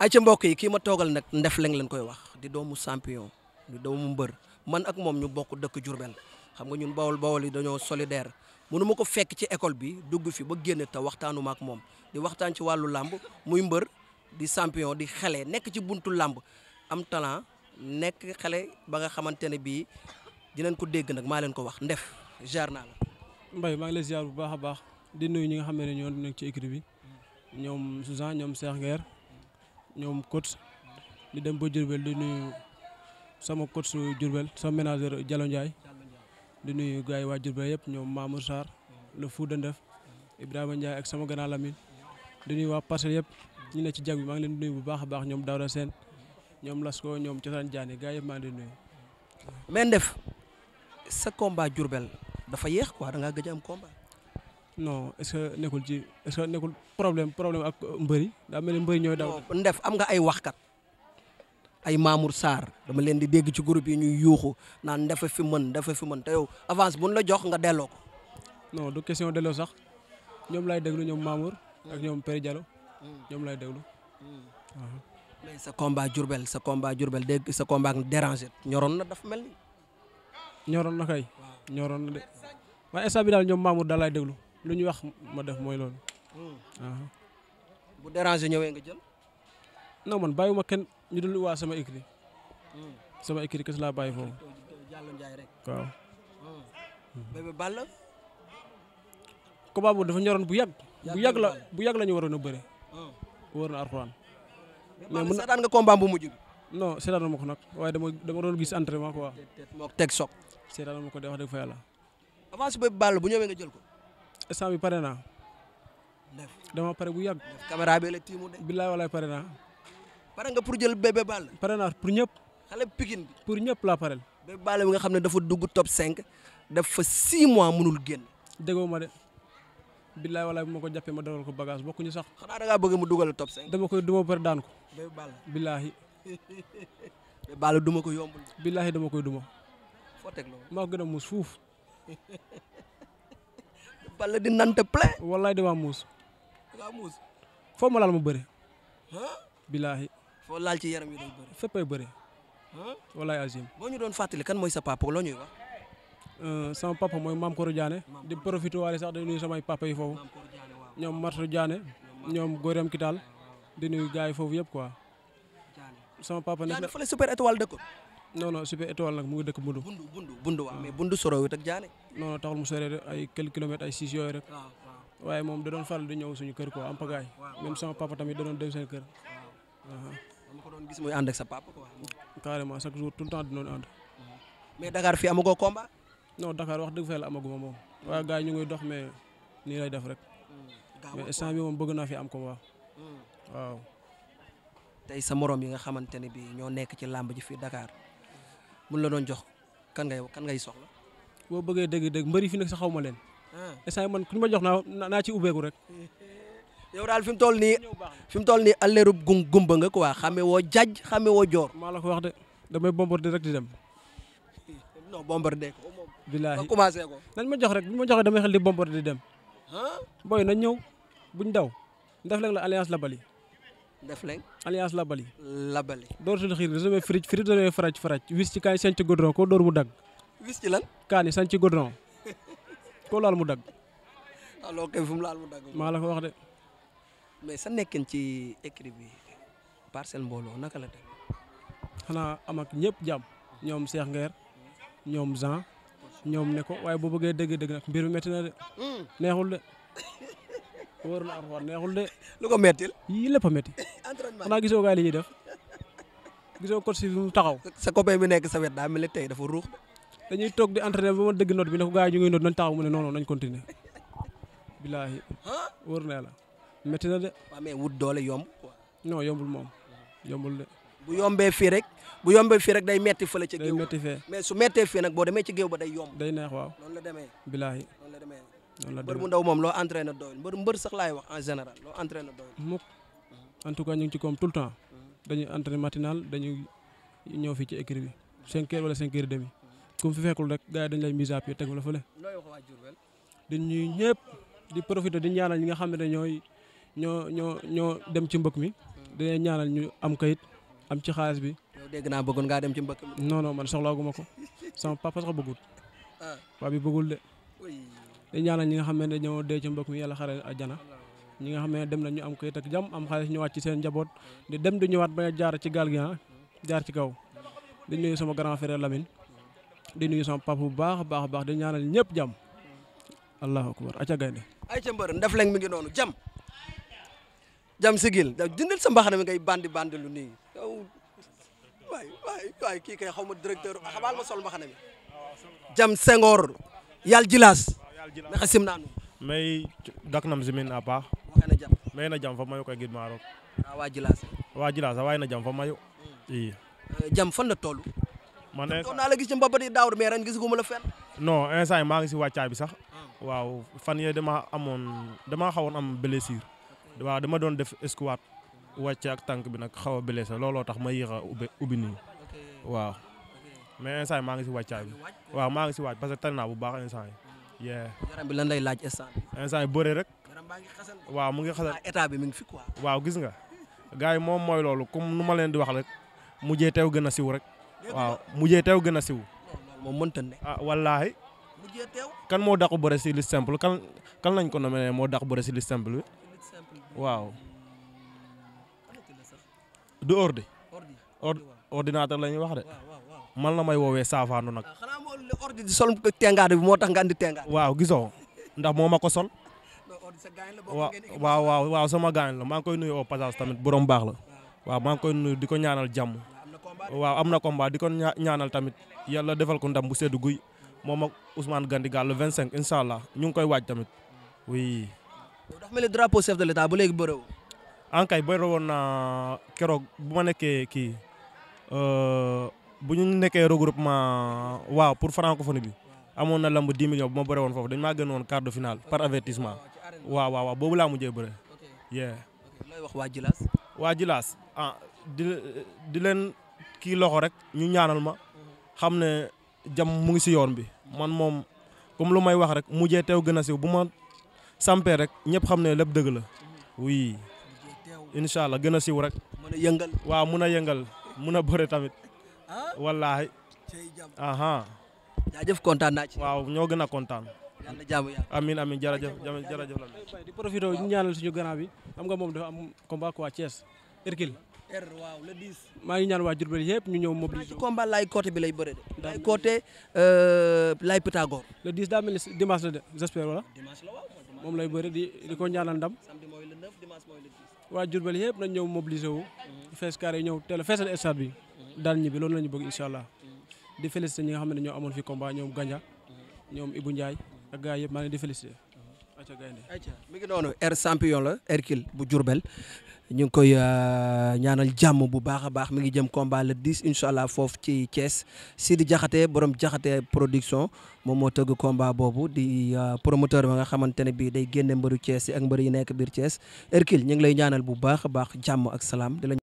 ay ca mbokk yi kii ma toogal nag ndef lañ koy wax di doomu champion di doomu mbër man ak moom ñu bokk dëkk Diourbel xam nga ñun bawol bawol yi dañoo solidaire mënu ko fekk ci école bi dugg fi ba génn te waxtaanu ma ak moom di waxtaan ci wàllu làmb muy mbër di champion di xale nekk ci buntu làmb am talent nekk xale ba nga xamante ne bii dinañ ko dégg nag maa leen ko wax ndef jaar naa la. Mbaye maa ngi lay ziar bu baax a baax di nuyu ñi nga xam ne ñoo nekk ci équipe bi ñoom Sousan ñoom Cheikh Nguer ñoom coach di dem ba Diourbel di nuyu sama coach Diourbel sama manager Diallo Ndiaye di nuyu gars yi waa Diourbel yëpp ñoom Mamour Sarr le fou de Ndef Ibrahima Ndiaye ak sama grand Lamine di nuyu waa Parcelles yëpp ñu ne ci jag bi maa ngi leen di nuyu bu baax a baax ñoom Daouda Sène ñoom Lasko ñoom Cosaan Diané gars yëpp maa ngi leen di nuyu. mais Ndef sa combat Diourbel dafa yéex quoi da ngaa gëj am non est nekkul ci est-ce problème problème ak mbëri daa mel ni mbëri ñooy daw. ndef am nga ay waxkat ay Mamour Sarr dama leen di dégg ci groupe yi ñuy yuuxu naan dafa fi mën dafa fi mën te avance bu la jox nga delloo ko. non du question delloo sax ñoom lay déglu ñoom Mamour. ak ñoom Père Diallo. Hmm. ñoom lay déglu. Hmm. mais sa combat Diourbel sa combat Diourbel dégg sa combat ak ñoroon na dafa mel ni. ñoroon na kay. ñoroon na de waaye bi daal ñoom Mamour daal lay déglu. lu ñu wax ma def mooy loolu. Hmm. bu déranger ñëwee nga jël. non man ma kenn ñu dul waa sama écrit hmm. sama écrit kese laa bàyyi foofu. Diallo Ndiaye rek. waaw. Hmm. Bébé Balla. combat boobu dafa ñoroon bu la bu yàgg la ñu waroon a bëre. war na Alxuraan. mais mën seetaan nga combat bu mujj bi. non seetaan ma ko waaye dama dama doon gis entraînement quoi. moo teg soog. seetaan ma ko de wax dëgg fa bu ñëwee nga jël ko. instant bi pare naa. dama pare bu yàgg. caméra bi la tiimu pare naa. pare nga pour jël bébé Balla. pare naa pour ñëpp. xale Pikine bi. pour ñëpp laa parel. bébé bi nga xam ne dafa dugg top 5 dafa 6 mois mënul génn. déggoo ma de. billaay walaay bu ko jappee ma dalal ko bagage bokkuñu sax. xanaa da ngaa bëgg mu dugal top 5. dama koy duma ba daan ko. bébé Balla billaahi. bébé duma ko yombul. billaahi dama koy duma. foo teg gën a muus fuuf. balla di nante plein. wallaay damaa muus. damaa muus. foo ma laal mu bëri. bilaahi. foo laal ci yaram yi day bëri. féppay bëri. wallaay azim. boo ñu doon fàttali kan mooy sa papa loo ñuy wax. Euh, sama papa mooy maam ko Diané di profité waale sax di nuyu samay papa yi foofu ñoom Marto Diané ñoom Goriam Kital di nuyu gars yi foofu yëpp quoi. sama papa nekk na Diané fële super étoile dëkkoon. non non Super Étoile nag mu ngi dëkk Bundu. Bundu Bundu Bundu waaw mais Bundu sorewut ak Diané. non non taxul mu soree ay quelques kilomètres ay six yooyu rek. waaye moom da doon faral di ñëw suñu kër quoi am pagaay même sama papa tamit da doon dem seen kër. waaw dama ko doon gis muy ànd ak sa papa quoi. carrément chaque jour tout le temps dinañ ànd. Mm-hmm. mais Dakar fii amagoo combat. non Dakar wax dëgg fa yàlla amaguma moom. waaye gars yi ñu ngi dox mais nii lay def rek. Mm-hmm. mais instant bi moom bëgg naa fi am combat. Mm-hmm. waaw. tey sa morom yi nga xamante ne bii ñoo nekk ci làmb ji fii Dakar. buñ la doon jox kan ngay kan ngay soxla. boo bëggee dëgg-dëgg mbëri fi nag sa xaw ma leen. instant ah. man ku ñu ma jox naa naa ci ubbeeku rek. yow daal fi mu toll nii fi mu toll nii alleerub gu gumba nga ko quoi xame woo jaj xame woo joor. maa la ko wax de damay bombarder rek di dem. non bombarder ko. billaahi commencé ko. nañ ma jox rek bu ma joxee damay xel di bombarder di dem. booy na ñëw buñ daw. ndax leen la alliance la bali. Ndefleng alias Labali. labal door si xiir résumé frij frij résumé faraj faraj wis ci kaay sanc godron ko door mu dagg. wis ci lan. kaani sanc godron ko laal mu dagg. alors dagg. maa la ko wax de. mais sa nekkin ci écrit bi parcelle mbooloo naka la dem. xanaa am ak ñëpp jàmm ñoom Cheikh Nguer ñoom Jean ñoom ne ko waaye boo bëggee dëgg-dëgg nag mbir mi métti de. Hmm. neexul de. wóor na am neexul de. lu ko méttil yii lépp a entraînement xanaa gisoo gaa li ñuy def gisoo coach bi mu taxaw. sa copain bi nekk sa wet daa mel ni tey dafa ruux. dañuy toog di entraîné ba ma dëgg note bi ne ko gaa yi ñu ngi note nañ taxaw mu ne non non nañ continuer. billaahi wër na la métti na de. waaw mais wut doole yomb. non yombul moom yombul de. bu yombee fii rek bu yombee fii rek day metti fële ca géew. day metti fee mais su mettee fii nag boo demee ci géew ba day yomb. day neex waaw noonu la demee. billaahi noonu la demee. mbër mu ndaw moom loo entraîné doyul mbër mbër sax laay wax en général loo entraîné doyul. en tout cas ñu ngi ci koom tout le temps dañuy entraîné matinal dañuy ñëw fii ci écrit bi cinq heures wala cinq heures et demi comme fi fekkul rek gars yi dañ lay mise à pied teg la fële dañuy ñëpp di profiter di ñaanal ñi nga xam ne ñooy ñoo ñoo ñoo dem ci mbëkk mi dinañ ñaanal ñu am kayit am ci xaalis bi. yow dégg naa bëggoon ngaa dem ci mbëkk mi. non non man soxlaaguma ko sama papa sax ah. bi bëggul de. dañ ñaanal ñi nga xam ne ñoo dee ci mbëkk mi yàlla xare ajjana ñi nga xam ne dem na ñu am kayit ak jàmm am xaalis ñëwaat ci seen njaboot di dem di ñëwaat bañ a jaar ci gaal ah, jaar ci kaw di nuyu sama grand frère Lamine di nuyu sama papa bu baax baax baax di ñaanal ñëpp jàmm allahu akbar ay ca mbër ndef mi ngi noonu jàmm jàmm sigil da jëndal sa mbaxana mi ngay bandi bandi lu nii yow waay kii kay xaw ma directeur xabaal ma sol mbaxana mi jam Senghor yal jilas maxasim naanu mais dak nam simin a paax ana jam layna jam fa mayu koy gidma roog ah, waa Djilass waa Djilass waay na jam fa mayu hmm. i eh, jam fan la toll man toog naa la gis ci mbabat yi daaw mais ren gis guma la fenn non instant yi maa ngi si wàccaay bi sax hmm. waaw fan yee dama amoon damaa xawoon am blessure waaw dama doon def squat wàcce ak tànk bi nag xaw a blessé looloo tax ma yéex a ubbi ubbi nii waaw mais instant yi maa ngi si wàccaay bi waaw maa ngi si wàcc parce que tane naa bu baax instant yi yaram bi lan lay laaj instant yi bëre rek waaw mu ngi xasal ah, état bi mi ngi fi quoi. gis nga gars yi moom mooy loolu comme nu ma leen di wax rek mujjee teew gën a siw rek. waaw mujee teew gën a siw. moom mënta ne. ah wallaahi. kan moo dàqu bëre si liste simple kan kan lañ ko nommé moo dàqu bëre si liste simple bi waaw. du ordi. ordinateur la ñuy wax de. man la may woowee saafaanu nag. Ah, moo ordi di sol tengaade bi moo tax nga andi tengaade. waaw gisoo ndax moo ma ko sol. waaw waaw waaw waaw sama gaañ la maa ngi koy nuyu au passage tamit borom baax la waaw maa ngi koy nuyu di ko ñaanal jàmm waaw am na combat di ko ñaanal tamit yàlla defal ko ndam bu seddu guy moom ak Ousmane Gandigal le 25 incha allah ñu ngi koy waaj tamit oui. dafa mel ni drapeau chef de l'état bu léegi bëre woon. ankay woon naa keroog bu ma nekkee kii euh, bu ñu nekkee regroupement waaw pour francophonie bi amoon na lamb 10 millions bu ma bëre woon foofu dañ maa gën woon quart de finale par avertissement. waaw waaw boobu laa mujjee bëre. yee. wax waa Jilaas. waa Jilaas ah di leen kii loxo rek ñu ñaanal ma. Mhm. xam ne jam mu ngi si yoon bi. man moom comme lu may wax rek mujjee teew gën a siw bu ma sampee rek ñëpp xam ne lépp dëgg la. Mhm. oui incha gën a siw rek. mën a yëngal waaw mun a yëngal mun a bëre tamit. Ah? wallaahi. jaajëf kontaan naa waaw ñoo gën a kontaan. amin amin jërëjëf jërëjëf la di profité ñu ñaanal suñu grand bi xam nga moom dafa am combat quoi Thiès Hercule r waaw le 10 maa ngi ñaan waa Diourbel yëpp ñu ñëw mobiliser ci combat laay euh, ñëw mobiliser a mm-hmm. feesal stade bi mm-hmm. daal ñibbi loolu la bëgg incha allah mm-hmm. di féliciter ñi nga xam ne ñoo amoon fi combat ñoom Ganja ñoom Ibou Ndiaye ak gars maa ngi di félicité. ayca gaynde mi ngi noonu air champion la Hercule bu Diourbel ñu ngi koy euh, ñaanal jàmm bu baax a baax mi ngi jëm combat le 10 incha allah foofu ci si di jaxatee borom Diakhaté production moom moo tëgg combat boobu di euh, promoteur ba nga xamante ne bii day génne mbëru Thiès yi ak mbëru yi nekk biir Thiès Hercule ñu ngi lay ñaanal bu baax a baax jàmm ak salaam.